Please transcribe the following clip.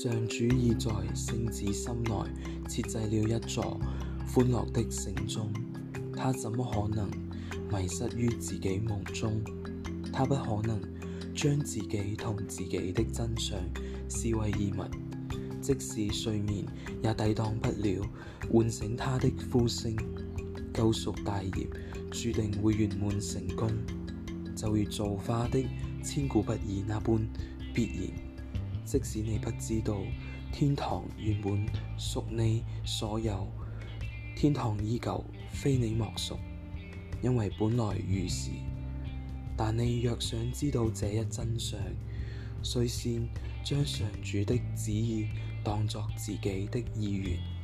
上主已在聖子心內設置了一座歡樂的醒鐘，他怎麼可能迷失於自己夢中？他不可能將自己同自己的真相視為異物，即使睡眠也抵擋不了喚醒他的呼聲。救贖大業注定會圓滿成功，就如造化的千古不易那般必然。即使你不知道天堂原本屬你所有，天堂依舊非你莫屬，因為本來如是。但你若想知道這一真相，須先將上主的旨意當作自己的意願。